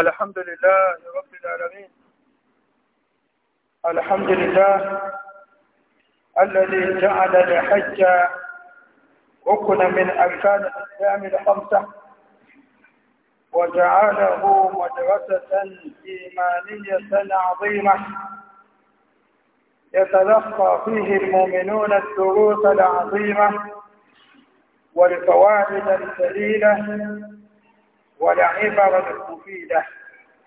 الحمد لله رب العالمين الحمد لله الذي جعل الحج ركنا من أركان الإسلام الخمسة وجعله مدرسة إيمانية عظيمة يتلقى فيه المؤمنون الدروس العظيمة والفوائد الجليلة والعبر المفيدة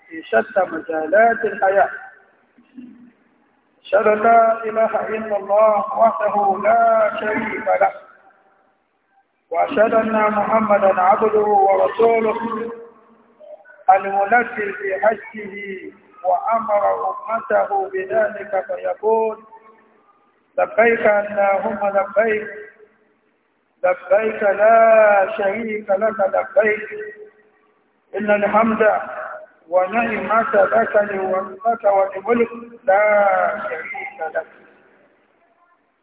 في شتى مجالات الحياة أشهد أن لا إله إلا الله وحده لا شريك له وأشهد أن محمدا عبده ورسوله المنزل في حجه وأمر أمته بذلك فيقول لبيك اللهم لبيك لبيك لا شريك لك لبيك إن الحمد ونعمة لك لك ولملك لا شريك لك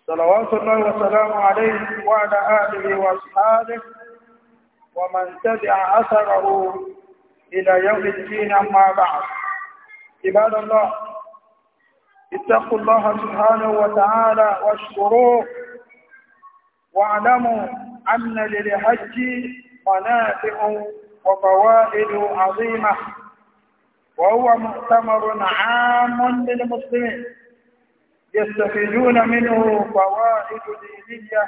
صلوات الله وسلامه عليه وعلى آله وأصحابه ومن تبع أثره إلى يوم الدين أما بعد عباد الله اتقوا الله سبحانه وتعالى واشكروه واعلموا أن للحج منافع وفوائد عظيمة وهو مؤتمر عام للمسلمين يستفيدون منه فوائد دينية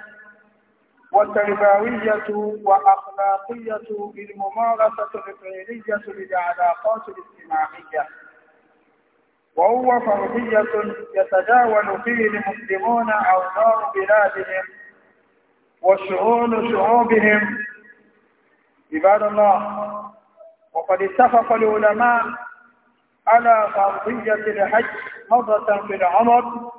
وتربوية وأخلاقية بالممارسة الفعلية للعلاقات الاجتماعية وهو فرضية يتداول فيه المسلمون أوضاع بلادهم وشؤون شعوبهم عباد الله وقد اتفق العلماء على فرضية الحج مرة في العمر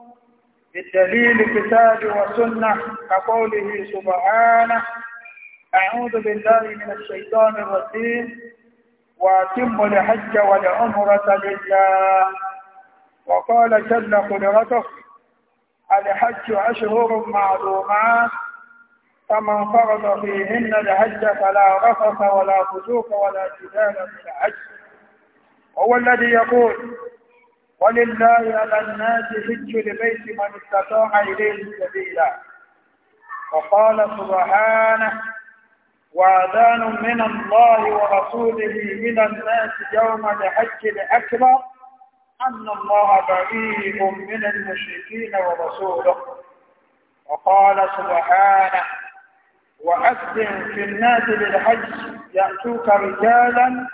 بالدليل كتاب وسنة كقوله سبحانه أعوذ بالله من الشيطان الرجيم وأتم الحج والعمرة لله وقال جل قدرته الحج أشهر معلومات فمن فرض فيهن الحج فلا رفث ولا فسوق ولا جدال في الحج هو الذي يقول ولله على الناس حج لبيت من استطاع اليه سبيلا وقال سبحانه واذان من الله ورسوله من الناس يوم الحج الاكبر ان الله بريء من المشركين ورسوله وقال سبحانه وأسلم في الناس للحج يأتوك رجالا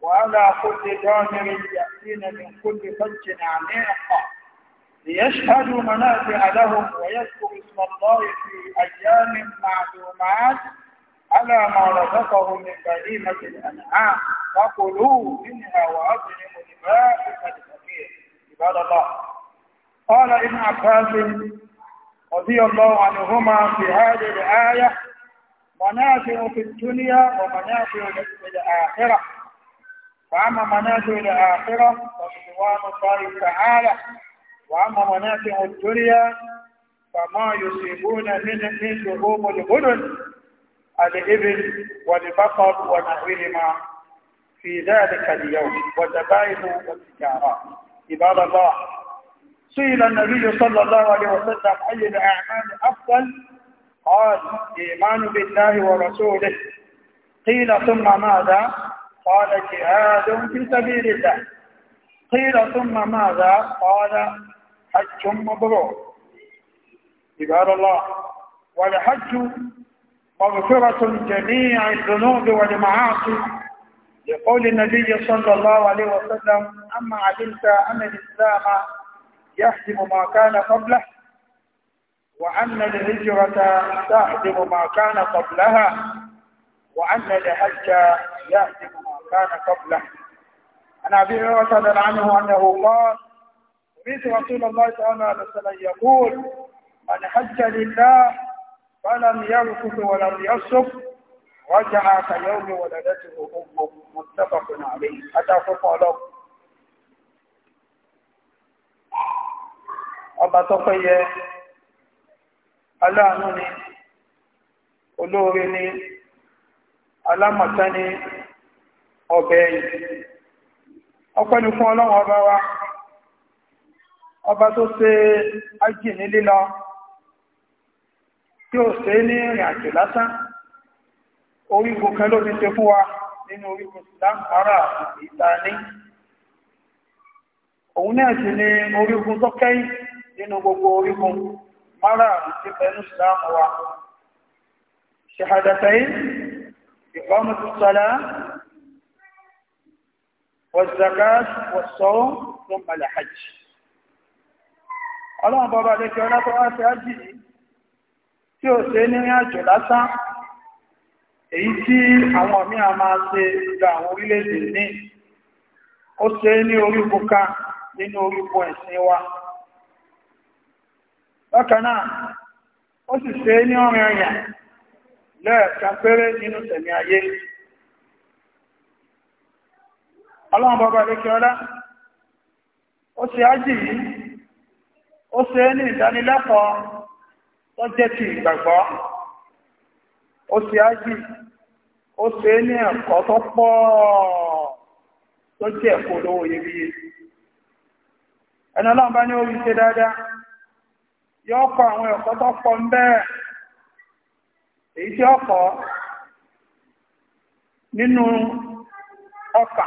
وعلى كل ضامر يأتين من كل فج عميق ليشهدوا منافع لهم ويذكروا اسم الله في أيام معلومات على ما رزقهم من بهيمة الأنعام فكلوا منها وأظلموا لبائك الفقير عباد الله قال ابن عباس رضي الله عنهما في هذه الآية منافع في الدنيا ومنافع في الآخرة فأما منافع الآخرة فرضوان الله تعالى وأما منافع الدنيا فما يصيبون من من لحوم الغنم الإبل والبقر ونحوهما في ذلك اليوم والذبائح والتجارات عباد الله سئل النبي صلى الله عليه وسلم أي الأعمال أفضل قال إيمان بالله ورسوله قيل ثم ماذا قال جهاد في سبيل الله قيل ثم ماذا قال حج مبرور عباد الله والحج مغفرة جميع الذنوب والمعاصي لقول النبي صلى الله عليه وسلم أما علمت أن الإسلام يحجم ما كان قبله وأن الهجرة تهدم ما كان قبلها وأن الحج يهدم ما كان قبله عن أبي هريرة عنه أنه قال سمعت رسول الله صلى الله عليه وسلم يقول من حج لله فلم يرفث ولم يصف رجع كيوم ولدته أمه متفق عليه أتفق له أبا تقيه aláàánú ni olóore ni alámọ̀tá ni ọbẹ̀ ẹ̀yìn ọpẹ́ ni fún ọlọ́run ọba wa ọba tó ṣe ájì ní lílọ tí ó ṣe ní ìrìn àjò lásán orígun kan ló fi ṣe fún wa nínú orígun ìdámọ́ra ìta ní òun náà sì ni orígun tó kẹ́yìn nínú gbogbo orígun márààrún tí pẹ̀lú ìsìláàmù wa ṣàhàdàtàí ìkọ́mù sọ́lá wọ̀zàká wọ̀sọ́wọ́ tó mọ̀lẹ̀ hajj ọlọ́run bọ́bá lẹ́kẹ́ ọlọ́pọ̀ àti hajji tí ó ṣe ní àjò lásán èyí tí àwọn mí a máa ṣe ìjọ àwọn orílẹ̀-èdè ní ó ṣe ní orí buka nínú orí bu ẹ̀sìn wa bákanáà ó sì ṣe ní ọ̀rìn ẹ̀yà lẹ́ẹ̀kan péré nínú tẹ̀mí ayé ọlọ́run bọ́bá lókè ọlá ó ṣe ájì yìí ó ṣe ní ìdánilẹ́kọ̀ọ́ tó jẹ́ ti ìgbàgbọ́ ó ṣe ájì ó ṣe ní ẹ̀kọ́ tó pọ̀ tó jẹ́ ẹ̀kọ́ olówó iyebíye ẹni ọlọ́run bá ní orí ṣe dáadáa yọ́kọ̀ àwọn ẹ̀kọ́ tó ń bẹ́ẹ̀ èyí tí ọkọ̀ nínú ọkà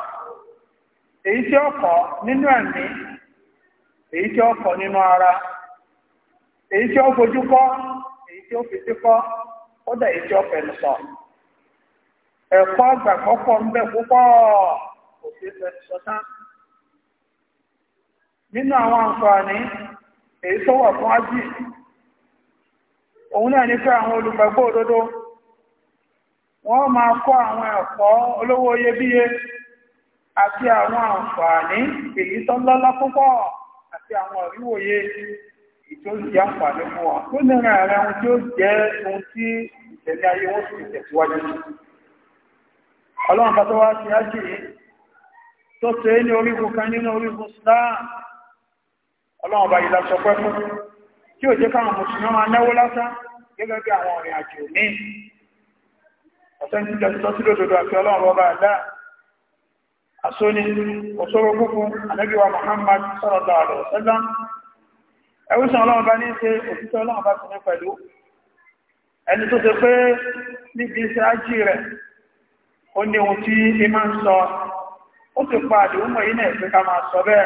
èyí tí ọkọ̀ nínú ẹ̀mí èyí tí ọkọ̀ nínú ara èyí tí ó fojú èyí tí ó fi sí kọ́ ó dẹ̀ èyí tí sọ ẹ̀kọ́ èyí tó wà fún ájì òun náà ní pé àwọn olùgbàgbọ́ òdodo wọ́n máa kọ́ àwọn ẹ̀kọ́ olówó iyebíye àti àwọn àǹfààní èyí tó lọ́lá púpọ̀ àti àwọn àríwòye ìtò àǹfààní fún wọn tó lè ààrẹ ohun tí ó jẹ́ ohun tí ìtẹ̀lé ayé wọn sì tẹ̀síwájú ọlọ́run bá tó wá sí ájì tó ṣe é ní orígun kan nínú orígun islam ọlọ́run ọba yìí lọ́sọ pẹ́ fún tí ò jẹ́ káwọn mùsùlùmí máa náwó lásán gẹ́gẹ́ bí àwọn ọ̀rìn àjò ní ọ̀sẹ̀ tí jẹ́ sọ sí lódodo àti ọlọ́run ọba àdá àsóní òṣòro Muhammad ọlọ́run bá ní ṣe òṣìṣẹ́ ọlọ́run bá ti rẹ̀ ó ní ohun tí sọ ó sì pa àdéhùn mọ̀ yìí náà máa sọ bẹ́ẹ̀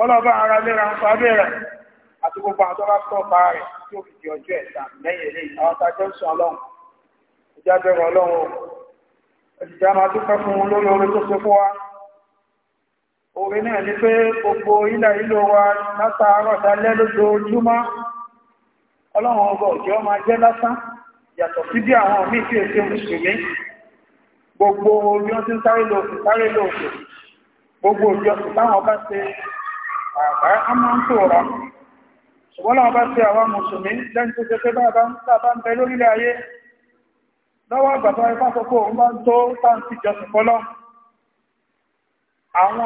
kọlọ́ba ara léra ń pa bẹ́ẹ̀rẹ̀ àti gbogbo àwọn tó bá tọ́ pa rẹ̀ tí ó fi di ọjọ́ ẹ̀sà lẹ́yìn eléyìí àwọn tá a jọ ń sọ ọlọ́run ìjà bẹ̀rẹ̀ ọlọ́run o òṣìṣẹ́ a máa dúpẹ́ fún un lórí oore tó ṣe fún wa oore náà ni pé gbogbo ilẹ̀ ìlú wa látàárọ̀ dalẹ́ lójoojúmọ́ ọlọ́run ọgbà òjò máa jẹ́ lásán yàtọ̀ sí bí àwọn míì tí èsì mùsùlùmí gbogbo orí wọn ti ń sáré lòkù sáré lòkù gbogbo òjò sì táwọn bá ṣe àbá a máa ń pòórá ṣùgbọ́n láwọn bá ṣe àwọn mùsùlùmí lẹ́nu tó ṣe pé bàbá ń sábà ń bẹ lórílẹ̀ ayé lọ́wọ́ àgbàbá ipá sọpọ̀ òun bá ń tó táǹtì jọsìn fọ́lọ́ àwọn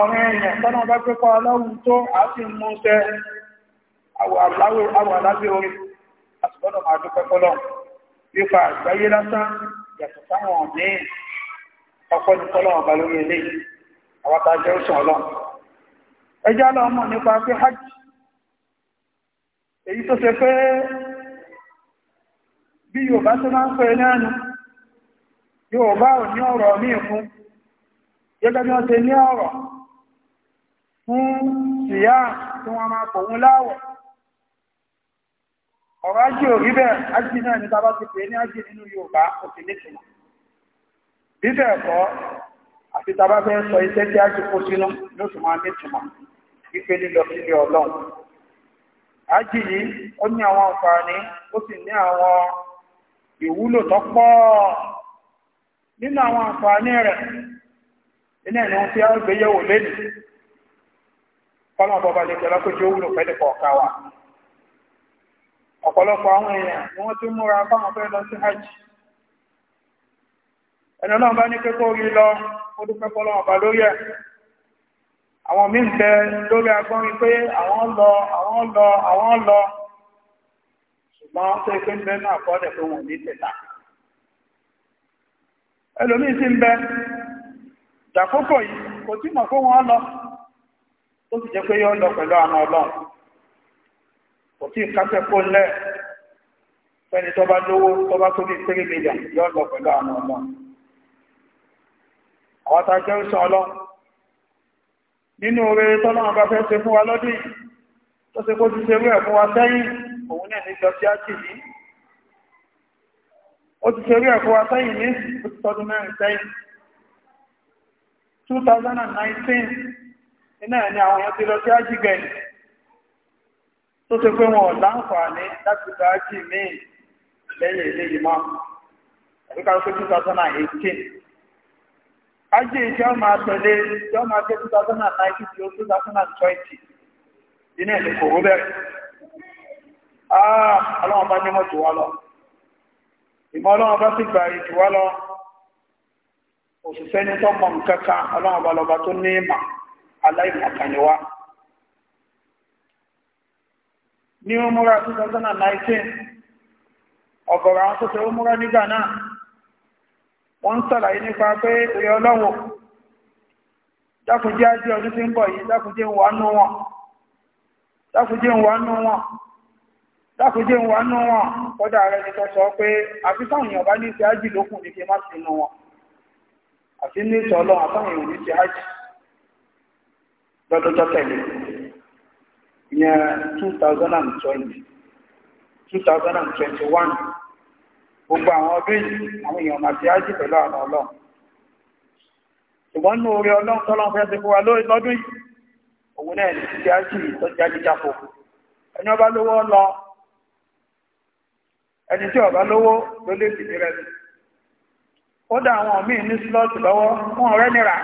ọ̀rẹ́ èèyàn tọ́nà bá pé kọ́ aláwùn tó a sì ń múṣẹ́ àwọ̀ aláwẹ̀ orí àṣìgbọ́nà máa dúpẹ́ fọ́lọ́ nípa ẹjá lọ mọ̀ nípa pé hajj èyí tó ṣe pé bí Yorùbá tó máa ń pè náà nù Yorùbá ò ní ọ̀rọ̀ ní fún gẹ́gẹ́ bí wọ́n ṣe ní ọ̀rọ̀ fún ìyá tí wọ́n máa pọ̀ wọn láwọ̀ ọ̀rọ̀ ajé òrí bẹ́ẹ̀ ajé náà ní ní ajé àti tá a bá fẹ́ sọ iṣẹ́ tí a ti kó sínú ló sì máa ní ìtumọ̀ wípé lílọ sílé ọlọ́run ájì yìí ó ní àwọn àǹfààní ó sì ní àwọn ìwúlò tó pọ̀ nínú àwọn àǹfààní rẹ̀ iná ìnáwó tí a gbé yẹ̀wò lẹ́nu kọ́lọ̀ bọ̀bà jẹ́ hajj ẹni ọlọ́run bá ní kékó rí lọ ó dúpẹ́ fọ́lọ́run ọba lórí ẹ̀ àwọn míì ń bẹ lórí agbọ́nrin pé àwọn lọ àwọn lọ àwọn lọ ṣùgbọ́n tó ipé ń bẹ náà kọ́ọ̀dẹ̀ pé wọ́n ní tẹ̀ta ẹlòmíì sì ń bẹ dàkókò yìí kò tí mọ̀ fún wọn lọ tó sì jẹ́ pé yóò lọ pẹ̀lú àwọn ọlọ́run kò tí kásẹ̀ kó àwọn tá a jẹ́ òṣìṣẹ́ ọlọ́run nínú oore tọ́lọ́run bá fẹ́ ṣe fún wa lọ́dún yìí tó ṣe kó ti ṣe rú ẹ̀ fún wa sẹ́yìn òun náà ní jọ sí ákì yìí ó ti ṣe rú ẹ̀ fún wa sẹ́yìn ní ó mẹ́rin sẹ́yìn 2019 iná ẹ̀ ni àwọn èèyàn ti lọ sí ájì gẹ̀ẹ́ tó ṣe pé wọn ò láǹfààní láti gba ájì míì lẹ́yìn ilé yìí 2018 ajé ìjọ máa tẹ̀lé ìjọ máa tẹ́ 2019 tí ó 2020 iná ẹ̀lẹ́ kò rú bẹ̀rẹ̀ àà ah, ọlọ́wọ́n bá ní mọ́ jù wá lọ ìmọ̀ ọlọ́wọ́n bá sì gbà ìjù wá lọ òṣìṣẹ́ ní tó mọ̀ ọlọ́wọ́n bá lọba tó ní ìmọ̀ aláìmọ̀kànníwá ní ó 2019 ọ̀gọ̀rọ̀ àwọn tó ṣe ó múra nígbà náà wọ́n ń sàlàyé nípa pé èrè ọlọ́wọ̀ dákùnjẹ́ ajé ọdún tí ń bọ̀ yìí dákùnjẹ́ ń wánú wọn dákùnjẹ́ ń wánú wọn dákùnjẹ́ ń wánú wọn rẹ̀ ni pé àfi bá lókùn ní 2021 gbogbo àwọn ọdún yìí àwọn èèyàn máa fi ájì pẹ̀lú àwọn ọlọ́run ṣùgbọ́n nínú orí ọlọ́run tọ́lọ́run fẹ́ ṣe fún wa lọ́dún yìí òun náà ní ti ájì tó jáde jáfò ẹni ọba lówó lọ ẹni tí ọba lówó ló lè fìdí rẹ sí kódà àwọn míì ní sílọ́ọ̀tì lọ́wọ́ fún ọ̀rẹ́ nira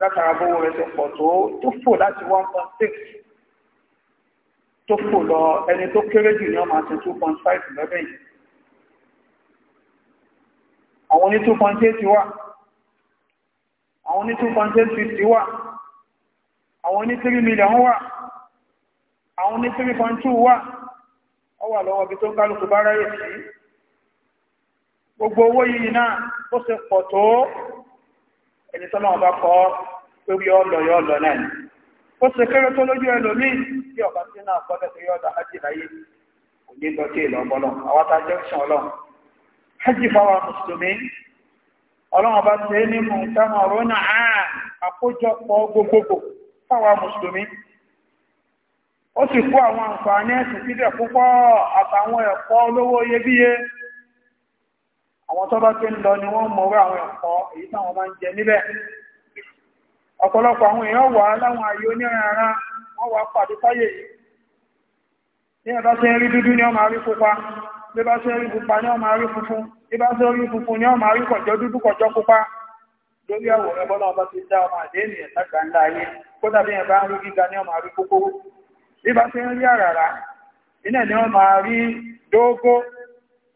látara bówó rẹ tó pọ̀ tó tó fò láti one point six tó fò lọ ẹni tó kéré jù ní ọmọ àti two point five lọ́dún yìí àwọn oní 2.8 wà àwọn oní 2.850 wà àwọn oní 3 million wà àwọn oní 3.2 wà ọ wà lọ́wọ́ bí tó kálùkù bá ráyè sí gbogbo owó yìí náà ó ṣe pọ̀ tó ẹni tọ́lọ́wọ́ bá kọ́ lórí ọlọ̀ yọ ọlọ̀ náà ó ṣe kéré tó lójú ẹlòmíì tí ọ̀bá sí náà kọ́ lẹ́sẹ̀ yọ́ ọ̀dà ájì láyé kò ní lọ sí ìlọ́bọ́lọ́ àwọn tá a jẹ́ ìṣàn ọlọ́run hajji fáwọn mùsùlùmí ọlọ́wọ́n bá ṣe ní mùsùlùmí ọ̀rọ̀nà àkójọpọ̀ gbogbogbò fáwọn mùsùlùmí ó sì kó àwọn àǹfààní ẹ̀sùn síbẹ̀ púpọ̀ àtàwọn ẹ̀kọ́ olówó iyebíye àwọn tó bá ń lọ ni wọ́n mọ̀rọ̀ àwọn ẹ̀kọ́ èyí táwọn máa ń jẹ níbẹ̀ ọ̀pọ̀lọpọ̀ àwọn èèyàn wà láwọn ayé onírànra wọ́n wà pàdé fáyè yìí ní ẹ̀bá ti ń rí dúdú ní ọmọ àríkópa bí bá ṣe rí pupa ní ọmọ arí funfun bí bá ṣe rí funfun ní ọmọ arí kọjọ́ dúdú kọjọ́ pupa lórí àwòrán bọ́lá ọba ti dá ọmọ àdé ènìyàn lágbà ńlá ayé kó dàbí ẹ̀ bá ń rí gíga ní ọmọ arí kókóró bí bá ṣe ń rí àràrá iná ní ọmọ arí dóógó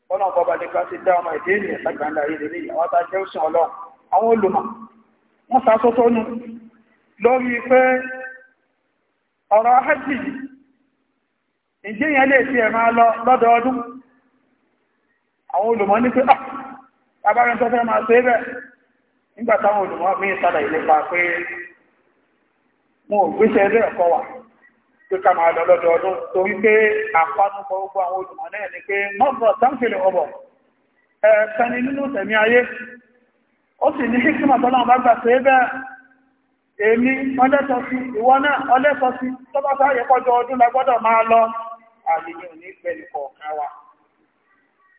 bọ́lá ọba ti ká ti dá ọmọ àdé ènìyàn lágbà ńlá ayé lórí àwọn tá jẹ́ òsìn ọlọ́run àwọn olùmọ̀ wọ́n ta sótó nu lórí pé ọ̀rọ̀ hajj ìjẹ́yàn lè fi ẹ̀ máa lọ lọ́dọọdún àwọn olùmọ ní pé ah, àbárẹ́ tó fẹ́ máa ṣe bẹ́ẹ̀ nígbà olùmọ olùmọ̀ mí sádà ìlépa pé wọn ò gbéṣẹ́ ilé ẹ̀kọ́ wà ká máa lọ lọ́dọọdún pé àpánúkọ àwọn olùmọ náà ni pé mọ́bọ̀ ọbọ̀ nínú tẹ̀mí ayé ó sì ní hikima tọ́lá bá gbà ṣe èmi ọlẹ́sọsí ìwọ náà ọlẹ́sọsí ọdún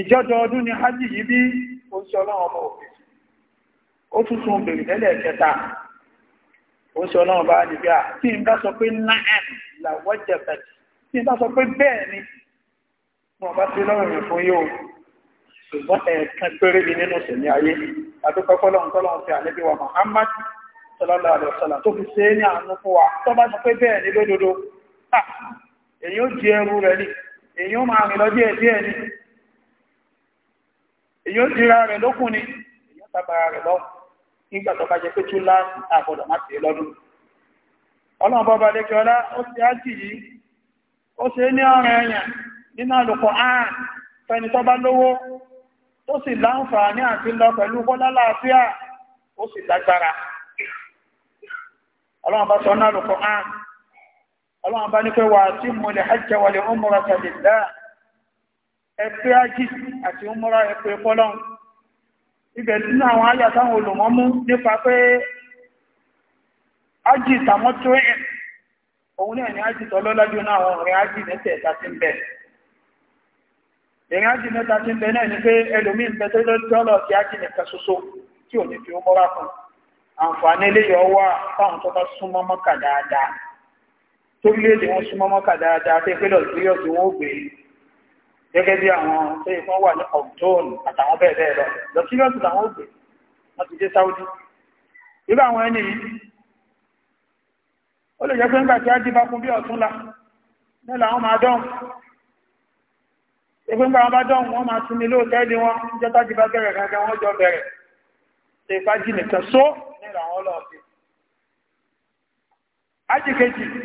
ìjọjọ ọdún ni hajji yìí bí ó ń ṣe ọlọ́run ọmọ òfin ó tún tún bèrè lẹ́lẹ̀ kẹta ó ń ṣe ọlọ́run bá ní bí a tí n bá sọ pé náàm làwọ́ jẹ̀fẹ̀tì tí n bá sọ pé bẹ́ẹ̀ ni wọn bá ti lọ́rùn rẹ̀ fún yóò ṣùgbọ́n ẹ̀ẹ̀kan péré ni nínú sẹ̀mí ayé àdúpẹ́ fọlọ́run tọ́lọ́run fi àlẹ́bí wa Muhammad sallallahu alaihi wasallam tó fi ṣe é ní àánú fún wa tó bá sọ pé bẹ́ẹ̀ ni lódodo èyí ó di ẹrú rẹ̀ ni èyí ó máa rìn lọ díẹ̀ ni èyí ó dira rẹ̀ lókun ni èyí ó lọ nígbà tó bá jẹ pé tún láti má tèé lọ́dún ọlọ́run bọ́ba lẹ́kẹ́ ọlá ó ti á jì yìí ó ṣe ní ọ̀rọ̀ ẹ̀yàn nínú fẹni bá lówó sì láǹfààní àti lọ pẹ̀lú sọ ní bá ní pé wà á ẹ̀pẹ́ ájì àti múra ẹ̀pẹ́ pọ́lọ́n ibẹ̀ nínú àwọn ayà táwọn olùmọ̀ mú nípa pé ájì tàmọ́ tó ẹ̀ òun náà ni ájì tọ́lọ́lájú náà àwọn ọ̀rẹ́ ájì mẹ́tẹ̀ẹ̀ta ti ń bẹ ìrìn ájì mẹ́ta ti ń bẹ náà ni pé ẹlòmí ń bẹ tó lọ́lọ́ ti ájì nìkan ṣoṣo tí ò ní fi ó mọ́ra àǹfààní eléyìí ọwọ́ fáwọn tó bá súnmọ́ mọ́kà dáadáa torílẹ̀-èdè wọn súnmọ́ mọ́kà dáadáa tẹ́ pé lọ́ọ̀ gẹ́gẹ́ bí àwọn tó yẹ fún wà ní ọ̀gbọ́n àtàwọn bẹ́ẹ̀ bẹ́ẹ̀ lọ lọ sí lọ́sùn làwọn ògbè wọ́n ti dé Sáúdí irú àwọn ẹni yìí ó lè jẹ́ pé nígbà tí á dí bá fún bí ọ̀tún la nílò àwọn máa dán ìpé nígbà wọn bá dán wọn máa sinmi lóòtẹ́ẹ̀lì wọn jẹ́ta jí bá bẹ̀rẹ̀ gẹ́gẹ́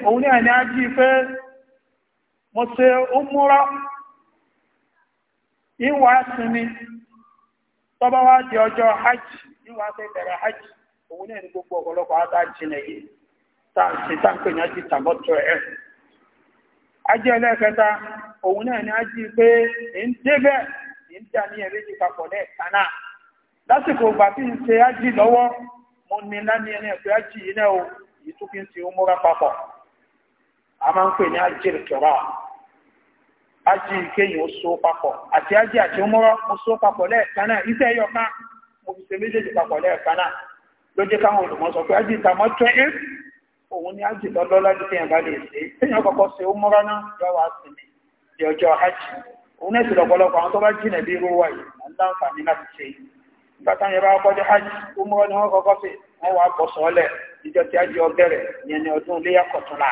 wọn mo ṣe ó múra ìwà sinmi tọ́bá wá di ọjọ́ hajj ìwà fẹ́ bẹ̀rẹ̀ hajj òun gbogbo ọ̀pọ̀lọpọ̀ àtà jìnà yìí tàǹsì tàǹpé ní ájì tàbọ̀tọ̀ ẹ̀ ájì ẹlẹ́ẹ̀kẹta òun ní ájì pé ń débẹ̀ ń dà ní ẹ̀rẹ́ ti papọ̀ lẹ́ẹ̀kan lásìkò ìgbà tí ń ṣe ájì lọ́wọ́ mo ní ẹni yìí náà ìtúkí ń ti ó múra papọ̀ a máa ń pè ní ájì kéyìn ó so papọ̀ àti ájì àti ọmọrọ́ ó so papọ̀ lẹ́ẹ̀kan náà iṣẹ́ ẹyọ kan mo fi ṣe méjèèjì papọ̀ lẹ́ẹ̀kan náà ló jẹ́ káwọn olùmọ̀ sọ pé ájì ìtàmọ́ tó ẹ́ òun ni ájì lọ́lọ́ lájú kéyàn bá lè ṣe kéyàn kọ́kọ́ ṣe ó mọ́rọ́ náà yọ wá sí mi di ọjọ́ ájì òun náà sì lọ́pọ̀lọpọ̀ àwọn tó bá jìnà bí irú wa yìí à ń láǹfààní láti ṣe yẹn bá dé ó mọ́rọ́ ni wọ́n kọ́kọ́ wọ́n wá bọ̀ sọ́ọ́lẹ̀ ìjọ ọbẹ̀rẹ̀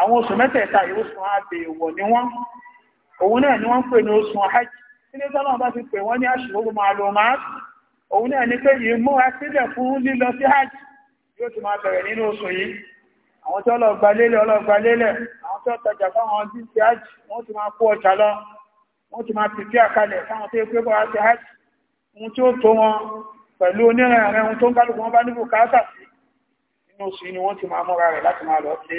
àwọn oṣù mẹ́tẹ̀ẹ̀ta yìí oṣù àbẹ̀wọ̀ ni wọ́n òun náà ni wọ́n pè ní oṣù hajj ilé tọ́lọ̀ bá ti pè wọ́n ní àṣìwòrò máa lò máa òun náà ni pé yìí múra sílẹ̀ fún lílọ sí hajj yóò ti máa bẹ̀rẹ̀ nínú oṣù yìí àwọn tó lọ gbalélẹ̀ ọlọ́gbalélẹ̀ àwọn tó tajà fáwọn tí ti hajj wọ́n ti máa kó ọjà lọ wọ́n ti máa pìpì àkalẹ̀ fáwọn tó pé bọ́ra ti hajj ohun tí ó tó wọn pẹ̀lú onírẹ̀rẹ̀ ohun tó ń kálukú wọn bá níbù káàkà nínú oṣù yìí ni wọ́n ti máa múra rẹ̀ láti máa lọ sí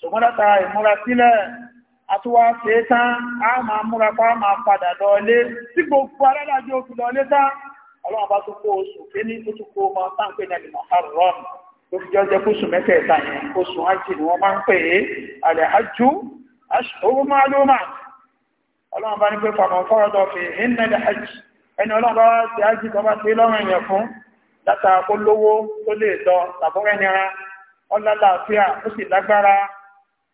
ṣùgbọ́n látara ìmúra sílẹ̀ àtúwà ṣe tán a máa múra pa a máa padà lọlé tí gbogbo alálàájú òfin lọlé tán ọlọ́run bá tún kó oṣù pé ní ó tún kó ọmọ táǹpé ní àlùmọ̀ àrùn ló fi jọ́ jẹ́ kóṣù mẹ́tẹ̀ẹ̀ta yẹn oṣù ájì ni wọ́n máa ń pè é àlẹ́ ájú owó máa ló máa ọlọ́run bá ní pé fàmọ̀ fọ́rọ̀dọ̀ fi ìnẹ́lẹ̀ ájì ẹni ọlọ́run bá wá ájì tó bá ti lọ́rùn yẹn fún látàkó lówó tó lè lọ tàbúrẹ́nira ọlọ́láàfíà ó sì lágbára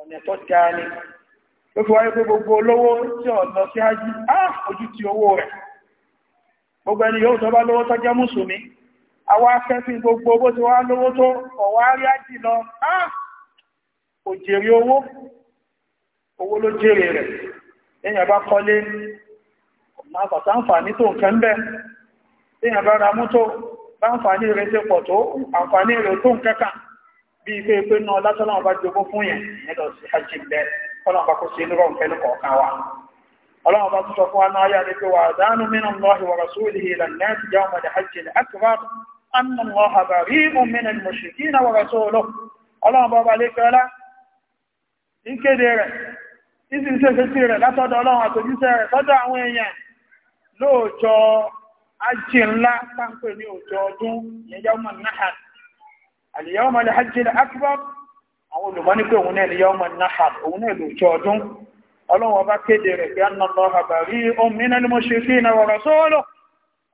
ọ̀nà tó ga ni ló fi wáyé pé gbogbo olówó tí ó lọ sí ájí ojú ti owó rẹ̀ gbogbo ẹni yóò tọ́bá lówó tó jẹ́ mùsùlùmí àwọn akẹ́fì gbogbo owó tí wá lówó tó ọ̀wá ájí lọ ó owó owó ló jèrè rẹ̀ èèyàn bá tó nǹkan bẹ́ bá ra mú tó bá ń kan tí ike pé náà látọ́lá ọba jogún fún yẹn nílò sí hajj bẹ́ẹ̀ kọ́lọ́n bá kó sí inú rọrùn fẹ́nu kọ̀ọ̀kan wa ọlọ́run bá tún sọ fún wa náà pé wà dánú mínú lọ́hì wà nẹ́ẹ̀tì jẹ́ ọmọdé hajj ní bá rí wà ọlọ́run bá bá lé ń kéde rẹ̀ ìsìn sí rẹ̀ ọlọ́run rẹ̀ àwọn èèyàn lóòjọ́ ajé ńlá náà اليوم mọ̀lẹ̀ hajjil akbar àwọn olùmọ́ ní pé òun náà lìyàwó mọ̀ nahar òun náà lò jọ ọdún ọlọ́wọ́ bá kéde rẹ̀ pé anna lọ́ha bàrí omi náà ni mo ṣe fi ìnà wọ̀rọ̀ sóòlò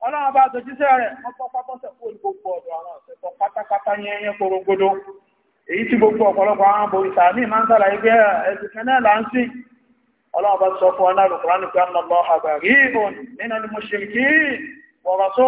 ọlọ́wọ́ bá tó jíṣẹ́ rẹ̀ wọ́n pọ́ pápọ́sẹ̀ fún gbogbo ọ̀dọ̀ àwọn ọ̀sẹ̀kọ̀ pátápátá yẹnyẹn korongodo èyí tí gbogbo ọ̀pọ̀lọpọ̀ àwọn bo ìsàmì máa ń sàlàyé eh, náà là ń sìn ọlọ́wọ́ bá sọ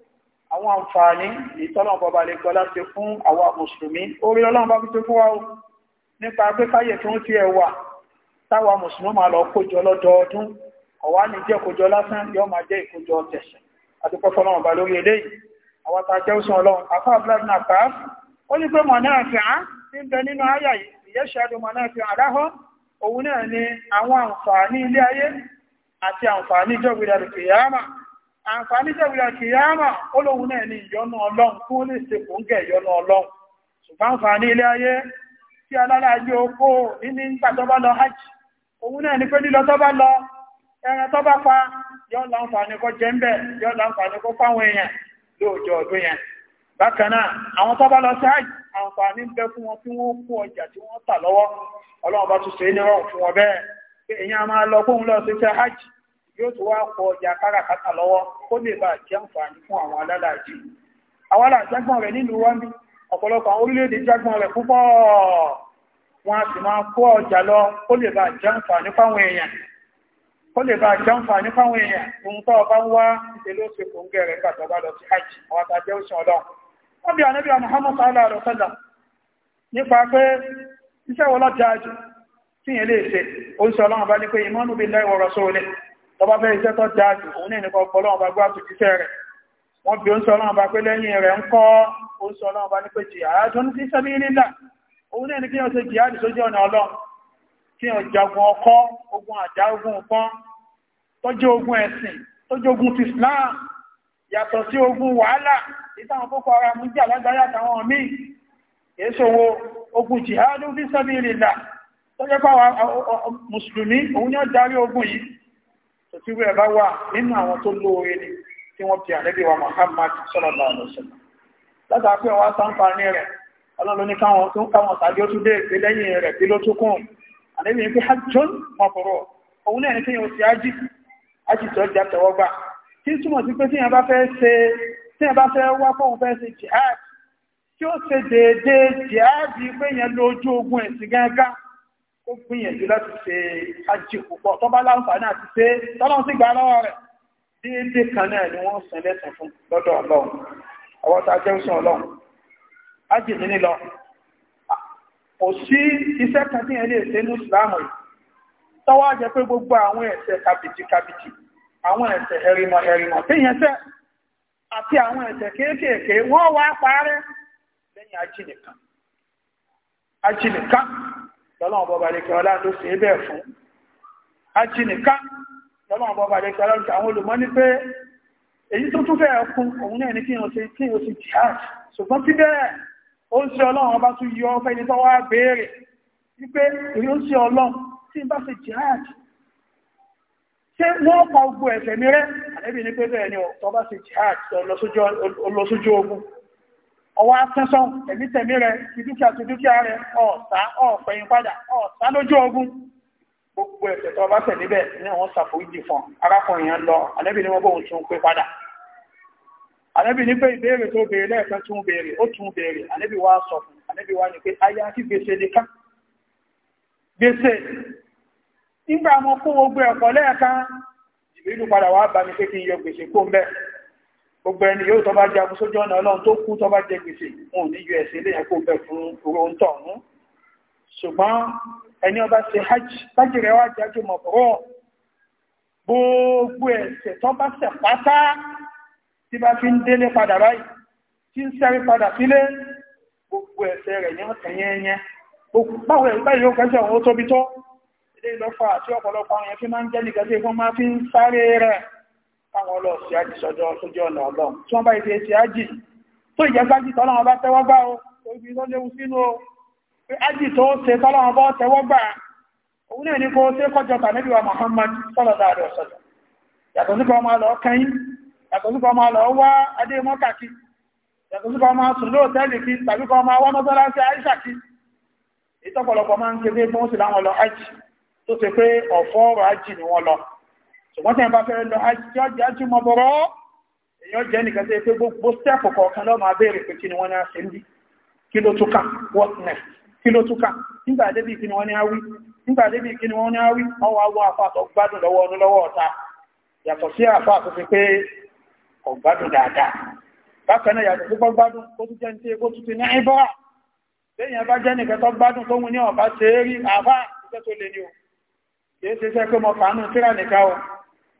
àwọn àǹfààní ìtọ́lọ̀pọ̀ bá lè gọ́lá ṣe fún àwa mùsùlùmí orí ọlọ́run bá fi fún wa o nípa pé káyẹ̀ tó ń ti ẹwà táwa mùsùlùmí máa lọ kójọ lọ́dọọdún ọ̀wá ní jẹ́ kójọ lásán yóò máa jẹ́ ìkójọ tẹ̀sán àti pọ́fọ́lọ́run bá lórí eléyìí àwọn tá a jẹ́ òsùn ọlọ́run afá abúlé àǹfààní jẹ́wìyà kìyàmà olóhun náà ni ìyọnú ọlọ́run kí wọ́n lè ṣe kò ń gẹ̀ ìyọnú ọlọ́run ṣùgbọ́n àǹfààní ilé ayé tí alálàájú okó níní ń gbàtọ́ bá lọ hajj òun náà ni pé lílọ tọ́ bá lọ ẹran tọ́ bá pa yọ́ láǹfààní kó jẹ́ ń bẹ̀ yọ́ láǹfààní kó fáwọn èèyàn lóòjọ́ ọdún yẹn bákan náà àwọn tọ́ bá lọ sí hajj àǹfààní ń bẹ fún wọn kí wọ́n kó ọjà tí wọ́n tà lọ́wọ́ ọlọ́run bá yóò tún wá pọ̀ ọjà káràkátà lọ́wọ́ kó lè bá jẹ́ àǹfààní fún àwọn alálàájì àwọn alàjágbọ́n rẹ̀ nílùú wọ́n bí ọ̀pọ̀lọpọ̀ àwọn orílẹ̀-èdè jágbọ́n rẹ̀ púpọ̀ wọn a sì máa kó ọjà lọ kó lè bá jẹ́ àǹfààní fáwọn èèyàn kó lè bá jẹ́ fáwọn ọba ń wá ìṣe tọba fẹ́ iṣẹ́ tó dájú òun ní nìkan pọ̀ lọ́wọ́ bá gbá tòjíṣẹ́ rẹ̀ wọ́n bí ó ń sọ lọ́wọ́ bá pé lẹ́yìn rẹ̀ ń kọ́ ó ń sọ lọ́wọ́ bá ní pé jìyàrá tó ń sí sẹ́bí nílà òun ní kí wọ́n ṣe jìyàrá sójú ọ̀nà ọlọ́run kí wọ́n jagun ọkọ́ ogun àjá ogun nǹkan tọ́jú ogun ẹ̀sìn tọ́jú ogun ti Islam tí wẹ́ẹ̀ bá wà nínú àwọn tó lóore ni tí wọ́n fi àlẹ́bí wa Muhammad sọ́lọ́lá ọ̀lọ́sọ̀lá látà pé wọ́n sáǹfààní rẹ̀ ọlọ́run ní káwọn tó ń káwọn tàbí ó tún dé ìpé lẹ́yìn rẹ̀ bí ló tún kún àlẹ́bí pé hajjọ́n mọ̀kọ̀rọ̀ òun náà ní kéèyàn ti ájì ájì tó já tẹ̀wọ́ gbà tí túmọ̀ sí pé tíyàn bá fẹ́ ṣe tíyàn bá fẹ́ wá fóun fẹ́ ṣe jihad tí ó ṣe déédéé jihad pé yẹn lójú ogun ẹ̀sìn gángan ó gbìyànjú láti ṣe ájì púpọ̀ tó láǹfààní àti ṣe tọ́lọ́n sí gbà lọ́wọ́ rẹ̀ déédéé kan náà ni wọ́n sìn lẹ́sìn fún lọ́dọ̀ ọlọ́run àwọn tá ọlọ́run ájì ní nílọ kò sí iṣẹ́ kan tí yẹn lè ṣe ní ìsìláàmù tọ́wọ́ jẹ pé gbogbo àwọn ẹ̀ṣẹ̀ kàbìtì kàbìtì àwọn ẹ̀ṣẹ̀ ẹ̀rìmọ̀ ẹ̀rìmọ̀ tí yẹn ṣẹ̀ àti àwọn ẹ̀ṣẹ̀ kéékèèké wọ́n wá parẹ́ lẹ́yìn ájì nìkan ájì nìkan lọ́lọ́wọ́n bọ́ba lẹ́kẹ́ ọlá ló ṣe é bẹ́ẹ̀ fún ajíniká lọ́lọ́wọ́n bọ́ba lẹ́kẹ́ ọlá àwọn olùmọ́ ní pé èyí tó tún fẹ́ẹ̀ kún òun náà ní kí o ṣe kí o ṣe jihad ṣùgbọ́n tí bẹ́ẹ̀ ó ń ṣe ọlọ́run bá tún yọ ọfẹ́ ní tọ́wọ́ béèrè wípé èyí ó ń ṣe ọlọ́run tí n bá ṣe jihad ṣé wọ́n pa ogun ẹ̀ṣẹ̀ mi rẹ́ àlẹ́bí ní pé bẹ́ẹ̀ ni ọ̀tọ́ bá ṣe jihad lọ sójú ogun ọwọ́ asẹ́sọ́ ẹ̀mí tẹ̀mí rẹ̀ ti dúkìá ti dúkìá rẹ̀ ọ̀sá ọ̀pẹ̀yìn padà ọ̀sá lójú ogun gbogbo ẹ̀ṣẹ̀ tó bá ṣẹ̀ níbẹ̀ ní àwọn ṣàforíjì fún arákùnrin yẹn lọ alẹ́bí ni wọ́n bóun tún pé padà alẹ́bí ní pé ìbéèrè tó béèrè lẹ́ẹ̀kan tún béèrè ó tún béèrè alẹ́bí wá sọ fún alẹ́bí wá ní pé aya kí gbèsè lè ká gbèsè nígbà mo kó gbogbo ẹ̀kọ́ lẹ́ẹ̀kan ìbílù padà wá bá mi pé kí n yọ gbèsè kó ń bẹ́ẹ̀ gbogbo ẹni yóò tọ́ bá jẹ́ agbósójú ọ̀nà ọlọ́run tó kú tọ́ bá jẹ gbèsè wọn ò ní us ilé ẹ̀kọ́ bẹ̀ fún oró ń tọ̀hún ṣùgbọ́n ẹni ọba ṣe hajj tájì rẹ̀ wá jájú mọ̀ bọ́rọ̀ gbogbo ẹ̀ṣẹ̀ tọ́ bá ṣẹ̀ pátá tí bá fi ń délé padà báyìí tí ń sẹ́rí padà sílé gbogbo ẹ̀ṣẹ̀ rẹ̀ ní ọ̀tẹ̀ yẹn yẹn báwo ẹ̀rí báyìí ó kẹ́sẹ̀ òun ó tóbi tó ilé ìlọ́fà àti ọ̀pọ̀lọpọ̀ àwọn yẹn fi máa ń jẹ́ nìkan tí wọ́n máa fi ń sáré rẹ̀ káwọn ọlọ́ọ̀sí ájì sọjọ́ sójú ọ̀nà ọlọ́run tí wọ́n bá ìfẹ́ ṣe ájì tó ìjẹ́gbájì tọ́lọ́wọ́n bá tẹ́wọ́gbà o orí ló léwu sínú o pé ájì tó ṣe tọ́lọ́wọ́n bá tẹ́wọ́gbà òun náà ní kó ṣe kọjọ tàbí wa Muhammad sọ́lọ́dà rẹ̀ ọ̀sọ̀dọ̀ yàtọ̀ sí kọ́ máa lọ kẹ́yìn yàtọ̀ sí kọ́ máa lọ wá adé mọ́kàkí yàtọ̀ sí kọ́ máa sùn lóòtẹ́lì kí tàbí kọ́ máa wá mọ́sálásí Àìṣà kí ìtọ́pọ̀lọpọ̀ máa ń ṣe bí wọ́n sì láwọn lọ ájì tó ṣe pé ọ̀fọ́ ọ̀rọ̀ ájì ni wọ́n lọ ṣùgbọ́n tẹ́ bá fẹ́rẹ́ lọ ajá tí mọ bọ̀rọ̀ èyàn jẹ́ nìkan tẹ́ pé gbogbo stẹ́ẹ̀pù kọ̀ọ̀kan lọ́mọ abẹ́rẹ̀ pé kí ni wọ́n ní a ṣe what next kí ló túká nígbà débì kí ni wọ́n ní a wí nígbà débì kí ni wọ́n ní a wí ọwọ́ àwọn àfàtọ̀ gbádùn lọ́wọ́ ọdún lọ́wọ́ ọ̀tá yàtọ̀ sí àfà tó fi pé kọ̀ gbádùn dáadáa bákan náà yàtọ̀ sí kọ́ gbádùn ó tún jẹ́ ní o kì ṣe iṣẹ́ pé fàánù tíra nìkan o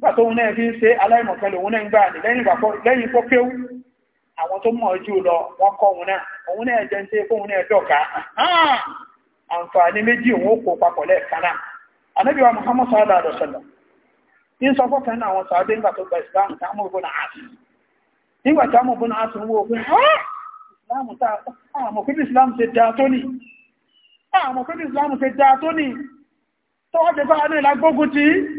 gbàtò òun náà fi ń ṣe aláìmọ̀kẹ́lẹ̀ òun náà ń gbà ní lẹ́yìn kó kéwú àwọn tó mọ̀ jù lọ wọ́n kọ́ òun náà òun náà jẹ́ ń ṣe fóun náà dọ̀gá àǹfààní méjì òun ó kó papọ̀ lẹ́ẹ̀kan náà Ànábì wa Muhammad sallallahu alaihi wasallam ń sọ fọ́kàn náà àwọn sàádé ńgbà tó gba Islam táàmù ìbọn àásì nígbà táàmù ìbọn àásì ń wo pé Ìsìláàmù tá àmọ̀ pé bí Ìsìláàmù ṣe dáa tó ní àmọ̀ pé bí Ìsìláàmù ṣe dáa tó ní tọ́wọ́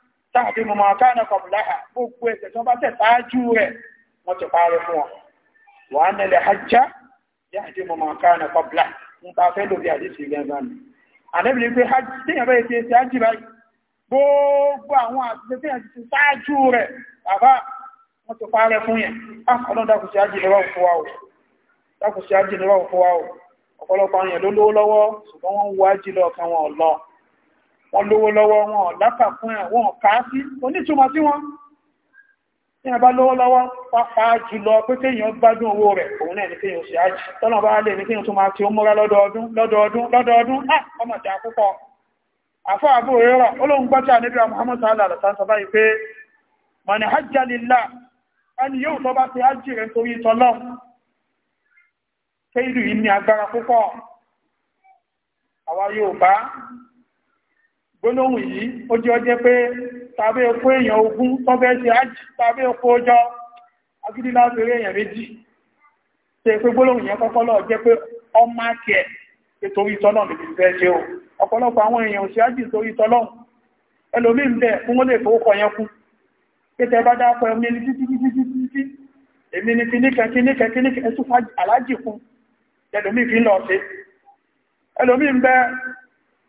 táàbí mọ̀mọ́ akáàna kọ̀bùláhà gbogbo ẹ̀ṣẹ̀ tó bá tẹ̀sáájú rẹ̀ wọ́n ti parẹ́ fún wọn wà á nílẹ̀ hajjá yáàdí mọ̀mọ́ akáàna kọ̀bùlá ń ta fẹ́ lóbi àdísì gẹ́gẹ́ ni àdébìlì pé téèyàn bá yẹ ti ṣe ájì báyìí gbogbo àwọn àtúnṣe téèyàn ti ṣe ṣáájú rẹ̀ bàbá wọ́n ti parẹ́ fún yẹn ah, ọlọ́run dákùsí ájì lọ́wọ́ fún wa o dákùsí ájì lọ́wọ́ fún wa o ọ̀pọ̀lọpọ̀ àwọn ló lówó lọ́wọ́ ṣùgbọ́n wọ́n ń wo lọ́ọ̀kan wọn ọ̀lọ́ wọ́n lówó lọ́wọ́ wọn lápà fún àwọn káàkì onítùmọ̀ sí wọn tí a bá lówó lọ́wọ́ pápá jùlọ pé kéèyàn gbádùn owó rẹ̀ òun náà ní kéèyàn sí ájì tọ́nà bá lè ní kéèyàn tó máa ti ó múra lọ́dọọdún lọ́dọọdún lọ́dọọdún ọmọ ìjà púpọ̀ àfọ́ àbú òyìnbó olóhun gbọ́tà níbi Muhammad sallallahu alaihi wasallam báyìí pé mọ̀nì hajjá lílá ẹni yóò tọ́ bá ti ájì rẹ̀ torí tọ́lọ́ kéèdù yìí ní agbára púpọ̀ àwa yóò bá gbólóhùn yìí ó jẹ́ ọjẹ́ pé tàbí ẹkó èèyàn ogún tọ́bẹ́ ṣe ájì tàbí ẹkó ọjọ́ agídí lábẹ́rẹ́ èèyàn méjì ṣe pé gbólóhùn yẹn kọ́kọ́ lọ jẹ́ pé ọmọ akẹ́ ìtorí tọ́lọ̀ lè fẹ́ ṣe o ọ̀pọ̀lọpọ̀ àwọn èèyàn ṣe ájì ìtorí tọ́lọ̀ ẹlòmí ń bẹ̀ fún ó lè fowókọ yẹn kú pé tẹ bá dápọ̀ ẹmí ní títí títí títí tí èmi ni kìníkẹ kìníkẹ kìníkẹ ẹsùn alájì fún ẹlòmí fi ń lọ sí ẹlòmí ń bẹ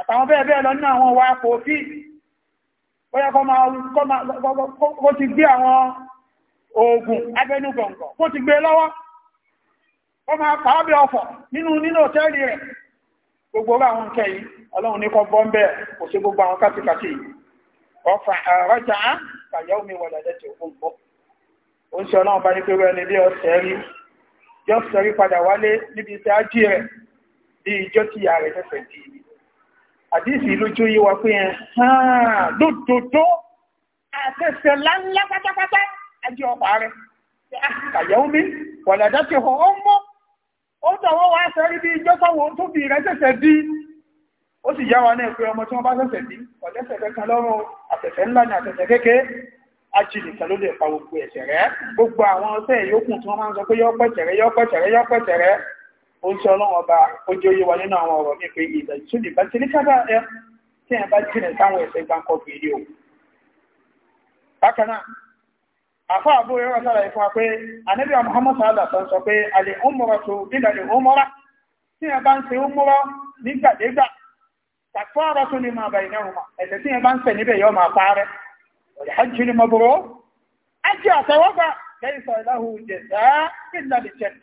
àtàwọn bẹ́ẹ̀ bẹ́ẹ̀ lọ nínú àwọn wa kò fí bóyá kó ti gbé àwọn oògùn abẹnugọ̀ngọ̀ kó ti gbé e lọ́wọ́ kó máa pàá bí ọfọ̀ nínú nínú òtẹ́ẹ̀lì rẹ̀ gbogbo àwọn nǹkẹ́ yìí ọlọ́run ní kọ bọ́ ń bẹ́ẹ̀ kò sí gbogbo àwọn kátìkàtì ọfà àrọ́jà kàyọ́ mi wọ̀lẹ̀lẹ̀ tí ó ń bọ́ ó ń ṣe ọlọ́run bá ní pé wẹ́ni bí ọ̀sẹ̀ rí yọ́ sẹ́rí padà wálé níbi iṣẹ́ ájí rẹ̀ bí ìjọ́ tí ìyá rẹ̀ tẹ́fẹ̀ẹ́ dì í àdísì lójú yí wa pé ẹ̀hán lódòdó àtẹ̀sẹ̀ láńlá pátápátá ajé ọ̀pá rẹ̀ àyẹ̀wò mi wọ̀lẹ̀dá ti hàn ó mọ́ ó tọ̀wọ́ wá sẹ́rí bí ijọ́ sọ́wọ́ tó bí rẹ̀ ṣẹ̀ṣẹ̀ bí ó sì yá wa náà pé ọmọ tí wọ́n bá ṣẹ̀ṣẹ̀ bí ọ̀lẹ́sẹ̀ kẹta lọ́rùn àtẹ̀sẹ̀ ńlá ni àtẹ̀sẹ̀ kéke ajìnìkan ló lè pa gbogbo ẹ̀ṣẹ̀ rẹ̀ gbogbo àwọn ọ̀sẹ̀ yókùn tí wọ́n máa ń sọ pé yọ́pẹ̀ṣẹ̀rẹ̀ yọ́pẹ̀ṣẹ̀rẹ̀ yọ́pẹ̀ṣẹ̀rẹ̀ ó ń sọ ọlọ́wọ́ bá ojú nínú àwọn ọ̀rọ̀ bá ti ní ẹ tí ẹ bá jìnà sáwọn ẹ̀sẹ̀ gbáǹkọ́ o. bákan náà àfọ àbú ẹ̀rọ sàlàyé fún pé ànábì Muhammad sàlà sọ sọ pé àlè ọmọrọ tó nígbà lè ọmọrọ tí ẹ bá ń ṣe ọmọrọ nígbàdégbà tàkọ́ ọ̀rọ̀ tó ní máa bàyìí náà ẹ̀sẹ̀ tí ẹ bá ń níbẹ̀ yọ máa ni mo bọ̀rọ̀ á àtẹwọ́gbà lẹ́yìn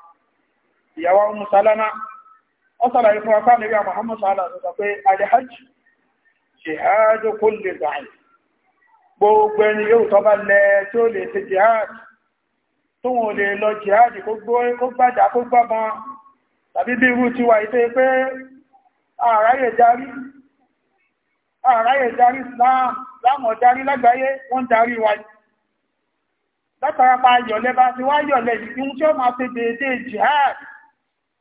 ìyàwó Musa sálámà ọ sàlàyé fún apá níbi ọmọ sàálà tó sọ pé alihajj jihad kò lè gbogbo ẹni yóò tọ́ lẹ tí ó lè jihad tó wọ́n lè lọ jihad kó gbájà kó gbọ́bọn tàbí bí irú tiwa ìfẹ́ pé àráyè darí látara pa yọ̀lẹ́ ti wá yọ̀lẹ́ jihad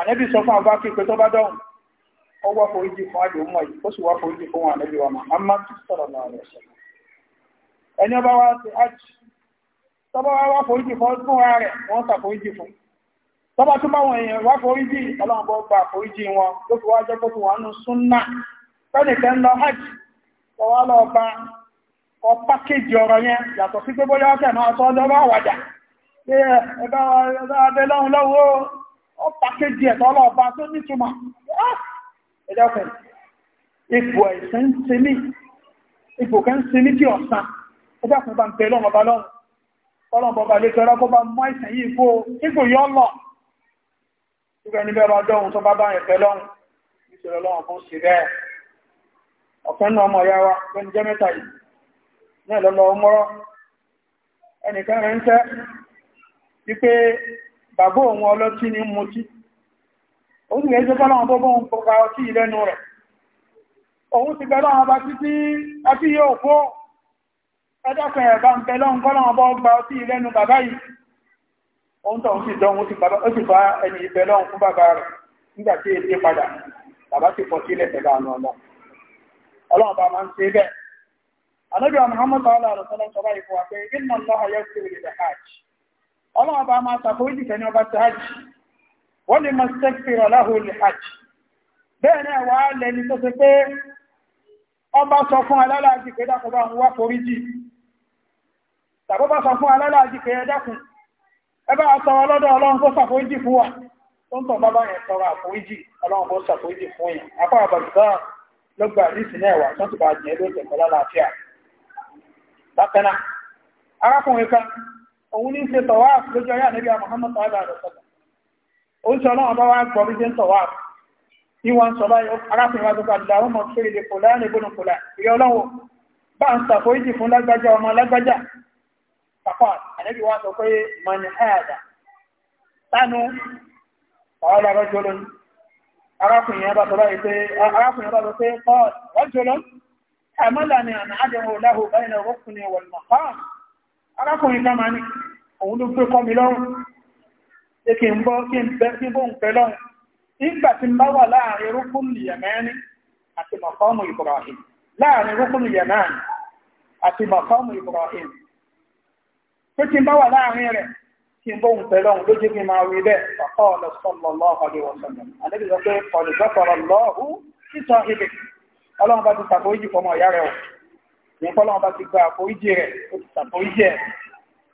ànẹ́bí sọ fún àbákí pé tó bá dọ́hùn ó wá fún yìí ó sì wá fún ànẹ́bí wa ẹni ọba wá ti hajj tọ́bá wá fún ọdún wa rẹ̀ wọ́n sà fún tọ́bá tó báwọn èèyàn wá gba wọn ló fi wá jẹ́ kó wà nù súnà lọ hajj lọ bá ọ pákéjì ọ̀rọ̀ yẹn yàtọ̀ sí pé ó pàkéjì ẹ̀tọ́ ọlọ́ọ̀bá tó nítumọ̀ ẹ̀dẹ́kùn ipò ẹ̀sẹ̀ ń se ní ipò kẹ́ ń se ní tí ọ̀sán ẹ̀dẹ́kùn bá ń pẹ̀lú ọmọba lọ́rùn ọlọ́ọ̀bọ̀bà lè tọ́rọ kó bá mọ́ ìsẹ̀ yìí kó ipò yọ́ lọ ìgbẹ̀ ní bẹ́ẹ̀ bá dọ́run tó bá bá yẹn pẹ̀lú ọ̀run ìṣẹ̀lẹ̀ ọlọ́run fún sí bẹ́ẹ̀ ọ̀fẹ́ nù ọmọ ìyá wa lẹ́nu jẹ́ mẹ́ta yìí ní ẹ̀lọ́lọ́ ọmọrọ́ ẹnìkan rẹ̀ ń tẹ́ wípé bàbá òun ọlọ́tí ní mutí ó sì rẹ̀ jẹ́ bọ́lọ́wọ́n tó bọ́n pọ̀pá ọtí ìlẹ́nu rẹ̀ òun ti bẹ̀rọ àwọn bá títí àti yóò fó ẹjọ́kùn ẹ̀bá ń bẹ̀lọ́ ń kọ́lọ́wọ́n bọ́ gba ọtí ìlẹ́nu bàbá yìí òun tó ń sì dán ó sì bá ẹni ìbẹ̀lọ́ fún bàbá rẹ̀ nígbà tí èdè padà bàbá ti pọ̀ sílẹ̀ pẹ̀lú àwọn ọmọ ọlọ́run bá máa ń ṣe bẹ́ẹ̀ ọlọ́wọ́ bá máa sàkóríjì tẹni ọba ti hajj wọ́n lè máa sẹ́kìrọ̀ láhùn lè hajj bẹ́ẹ̀ náà wà lẹ́ni tó ṣe pé ọba sọ fún alálàájì pé dákun bá ń wá foríjì tàbí bá sọ fún alálàájì pé ẹdákun ẹbá sọ ọlọ́dọ̀ ọlọ́run kó sàforíjì fún wa tó ń tọ̀ bá báyẹn sọ̀rọ̀ àforíjì ti bá jẹ́ ló tẹ̀kọ́ lálàáfíà bákan arákùnrin kan òun ní ṣe tọ̀wá lójú ayé ànábì Muhammad tọ́wá àdọ̀sọ́lá ó ń sọ ọlọ́run bá wá gbọ́ bí ṣe ń tọ̀wá ìwọ̀n sọ báyìí arákùnrin wa tó ká dàrú mọ̀ kiri lè kò láàrin ìbónú kò lá ìyẹ́ ọlọ́run bá ń ṣàforíjì fún lágbájá ọmọ lágbájá pàpà ànábì wa sọ pé mọ̀nì àyàdà tánú ọ̀ọ́lá rọ́jò lónìí arákùnrin yẹn bá sọ báyìí ni òun ló gbé kọ́mi lọ́rùn pé kí n bọ́ kí n bẹ́ kí bóun fẹ́ lọ́rùn nígbà tí n bá wà láàrin rúkún yẹ̀mẹ́ni àti mọ̀kọ́mù Ibrahim láàrin rúkún yẹ̀mẹ́ni àti mọ̀kọ́mù Ibrahim pé kí n bá wà láàrin rẹ̀ kí n bóun fẹ́ lọ́rùn ló jẹ́ kí máa wí bẹ́ẹ̀ fàkọ́ ọ̀lọ́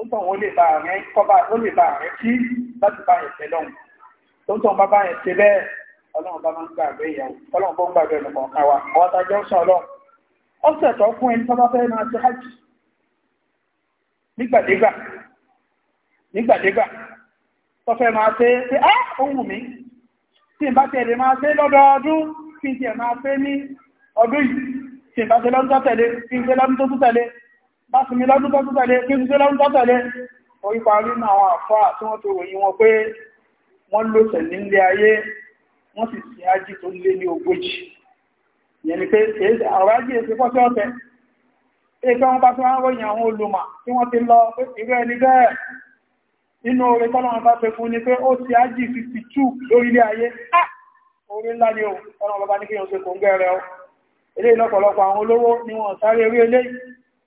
ọ̀tọ̀ wọn lè bá rẹ̀ kọ́bà ó lè bá rẹ̀ kí láti bá yẹn tẹ́ lọ́hùn tó ń tọ́ bá bá yẹn tẹ́ bẹ́ẹ̀ ọlọ́run bá máa ń gbàgbé ìyàwó ọlọ́run bó ń gbàgbé ẹnu kọ̀ọ̀kan wa àwọn atajọ́ sọ ọlọ́run ó ṣẹ̀tọ́ fún ẹni tó bá fẹ́ máa ṣe hajj nígbàdégbà nígbàdégbà tó fẹ́ máa ṣe pé á ohun mi tí n bá tẹ̀ lè máa ṣe lọ́dọọdún kí n tiẹ̀ máa ṣe ní ọdún yìí tí n bá ṣe lọ́dún tó tẹ̀lé kí n ṣe lọ́dún tó tún tẹ̀lé bá sì mi lọ́dún tọ́tún tẹ̀lé sí lọ́dún tọ́ orí parí ní àwọn àfá tí wọ́n ti ròyìn wọn pé wọ́n ló tẹ̀lé ilé ayé wọ́n sì sí ájí tó lé ní ogójì yẹn pé àwọn ájí èsì pọ́ sí ẹgbẹ́ wọn bá tí wọ́n ròyìn àwọn olùmọ̀ tí wọ́n ti lọ pé ẹni bẹ́ẹ̀ nínú oore tọ́lọ́run bá fẹ́ fún ni pé ó ti ájí 52 lórí ilé ayé orí ńlá ni ó tọ́lọ́run bá ní kí wọ́n ṣe kò ń gẹ́rẹ́ ọ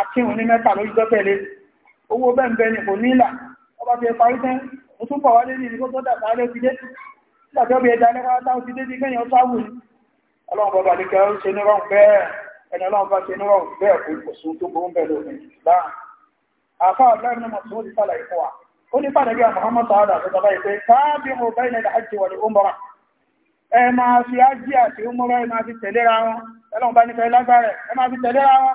akíhun ní mẹ́ta lójú tọ́tẹ̀lé owó bẹ́ẹ̀ ni kò nílà ọba ti parí tán mo tún bọ̀ wá lé ní ìdíkó tó dà sáré ti dé nígbà tí ó bí ẹja lẹ́wọ́ tá ó ti dé bí kẹ́yìn ọtá wù ní ọlọ́run bọba ní kẹrọ ṣe ní rọrùn bẹ́ẹ̀ ẹni ọlọ́run bá ṣe ní rọrùn bẹ́ẹ̀ kò kò sún tó burú bẹ́ẹ̀ lómi láàrín àfa ọlọ́run náà mọ̀ tó ti sálà ikú wa ó ní pàdé bí i Muhammad sàádà tó tọ́lá ìpé káàbí mo bẹ́ ilẹ̀ àjẹ́ wọ̀lẹ̀ òmùra ẹ máa fi ájí àti òmùra ẹ máa fi tẹ̀léra wọn ẹlọ́run bá ní kẹrẹ lágbára ẹ máa fi tẹ̀léra wọn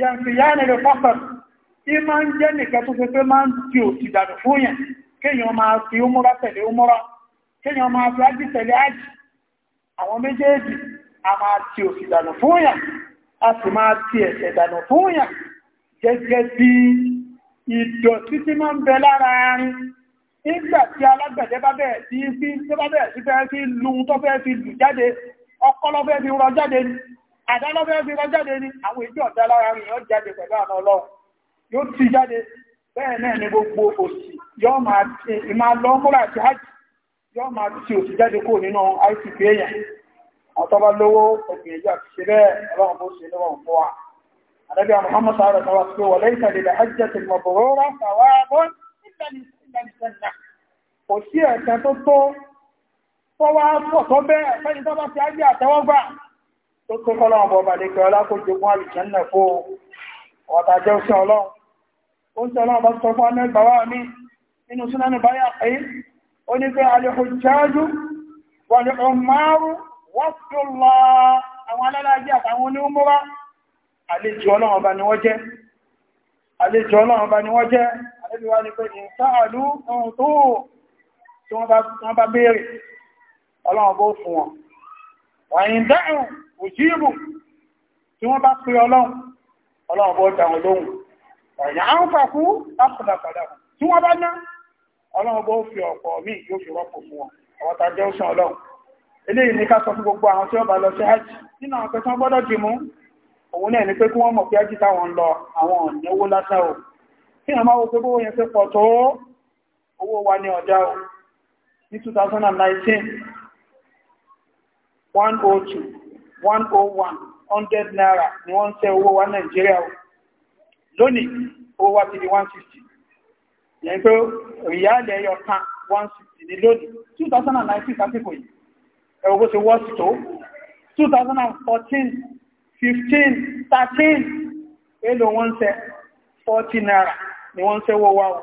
yàǹfìyàn rẹ̀ fọ́fẹ́ tí máa ń jẹ́ nìkẹ́ tó fẹ́ máa ń tí ò ti dànù fún yẹn kéèyàn máa fi umura tẹ̀lé umura kéèyàn máa fi ájì tẹ̀lé ájì àwọn méjèèjì a máa tí ò ti dànù fún yẹn a sì máa tí ẹ̀ṣẹ̀ dànù fún yẹn gẹ́gẹ́ bí ìdọ̀tí tí máa ń bẹ lára rin nígbà tí alágbẹ̀dẹ bá bẹ̀rẹ̀ sí fi tó bá bẹ̀rẹ̀ sí fẹ́ fi lu tó fẹ́ fi lù jáde ọkọ́ fẹ́ fi rọ jáde àdálọ́fẹ́ fi lọ jáde ní àwọn èdè ọ̀dá lára rìn yóò jáde pẹ̀lú àna ọlọ́run yóò ti jáde bẹ́ẹ̀ náà ni gbogbo òsì yóò máa ti ìmá lọ múra àti hajj yóò máa ti òsì jáde kó nínú icp èèyàn ọ̀tọ́bá lówó ògbìyànjú àti ṣe bẹ́ẹ̀ ọlọ́run bó ṣe wa àdẹ́bí àwọn ọmọ sáré tọwọ́ sí wọ lẹ́yìn tàbí ilẹ̀ hajj ti mọ̀ bòrò rà fàwà bọ́ nígbà kò sí ẹ̀sẹ̀ tó tó tọ́wọ́ pọ̀ tó bẹ́ẹ̀ fẹ́ni tọ́ bá tó tó kọ́lọ̀ ọ̀bọ̀ bàdékẹ́ ọlákòjogún àlùjẹ́nà fó ọ̀tàjẹ́ òṣìn ọlọ́run ó ń tọ́lọ́ ọba sọ fún anẹ́gbàwá mi nínú súnánù báyà pé ó ní pé alẹ́kùnjáájú wà ní ọmọrú wọ́pù lọ àwọn alálàájẹ́ àtàwọn onímúra àlejò ọlọ́run ọba ni wọ́n jẹ́ àlejò ọlọ́run ọba ni wọ́n jẹ́ ohun tó tí wọ́n bá béèrè ọlọ́run bó fún wọn wà ní dáhùn òjíìbù tí wọ́n bá pè ọlọ́run ọlọ́run bọ́ dá wọn lóhùn ọ̀yà á ń fàkú lápùdàpàdà tí wọ́n bá ná ọlọ́run bọ́ fi ọ̀pọ̀ mí yóò fi rọ́pò fún wọn àwọn tá jẹ́ òṣàn ọlọ́run eléyìí ní ká sọ fún gbogbo àwọn tí ó bá lọ sí hajj nínú àwọn pẹ̀sán gbọ́dọ̀ dì mú òun náà ni pé kí wọ́n mọ̀ pé hajj táwọn ń lọ àwọn ọ̀nẹ́wó lásán o kí wọ́n máa wo pé bówó yẹn ṣe pọ̀ tó owó wa ní ọjà o ní 2019 102 101 100 naira ni wọ́n ń tẹ owó wa nàìjíríà o lónìí owó wa ti di 160 yẹn kan 160 ní lónìí 2019 lásìkò yìí bó ṣe tó 2014 15 13 èlò wọ́n ń tẹ 40 naira ni wọ́n ń tẹ owó wa o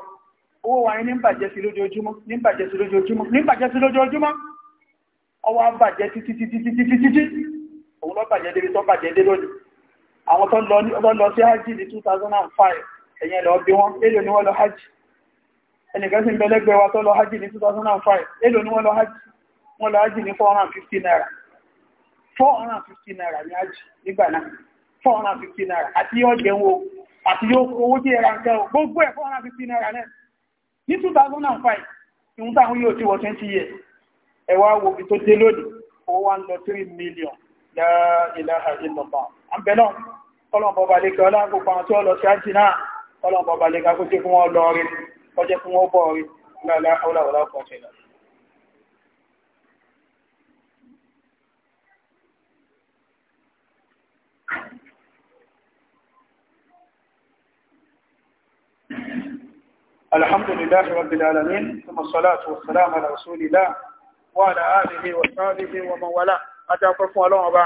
owó wa ní bàjẹ́ sí lójoojúmọ́ ní bàjẹ́ sí lójoojúmọ́ ní bàjẹ́ sí lójoojúmọ́ ọwọ́ bàjẹ́ títí títí títí títí òun lọ bàjẹ́ débi tó bàjẹ́ dé lónìí àwọn tó lọ sí hajj ní 2005 ẹ̀yẹn lọ bí wọ́n èlò ni wọ́n lọ hajj ẹnìkan sí ìbẹ̀lẹ́gbẹ̀ tó lọ hajj ní 2005 èlò ni wọ́n lọ hajj wọ́n lọ hajj ní 450 naira 450 naira ní hajj nígbà náà 450 naira àti yóò jẹun o àti yóò owó tí ẹra nǹkan gbogbo ẹ̀ 450 naira náà ní 2005 ìhun táwọn yóò ti wọ 20 years ẹwà wo ibi tó dé lónìí owó wa ń lọ 3 million la ilaha illallah àbẹ̀lọ́ ọlọ́pọ̀ balẹ̀kẹ́ ọlọ́pọ̀ àwọn tí ó lọ sí ájì náà ọlọ́pọ̀ balẹ̀kẹ́ kó jẹ́ fún wọn lọ rí ọjẹ́ fún wọn bọ̀ rí láàrín ọlọ́pọ̀ ọ̀tẹ̀lẹ̀ الحمد لله رب العالمين ثم الصلاة والسلام على رسول الله وعلى آله وصحبه ومن والاه adápẹ́ fún ọlọ́run ọba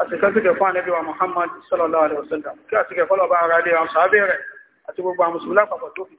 àtìkẹ́sìkẹ́ fún ànábì wa Muhammad sallallahu alaihi wasallam kí àtìkẹ́ fọ́lọ́ba ara lè àwọn sàábẹ̀ rẹ̀ àti gbogbo àwọn lápapọ̀ tó fi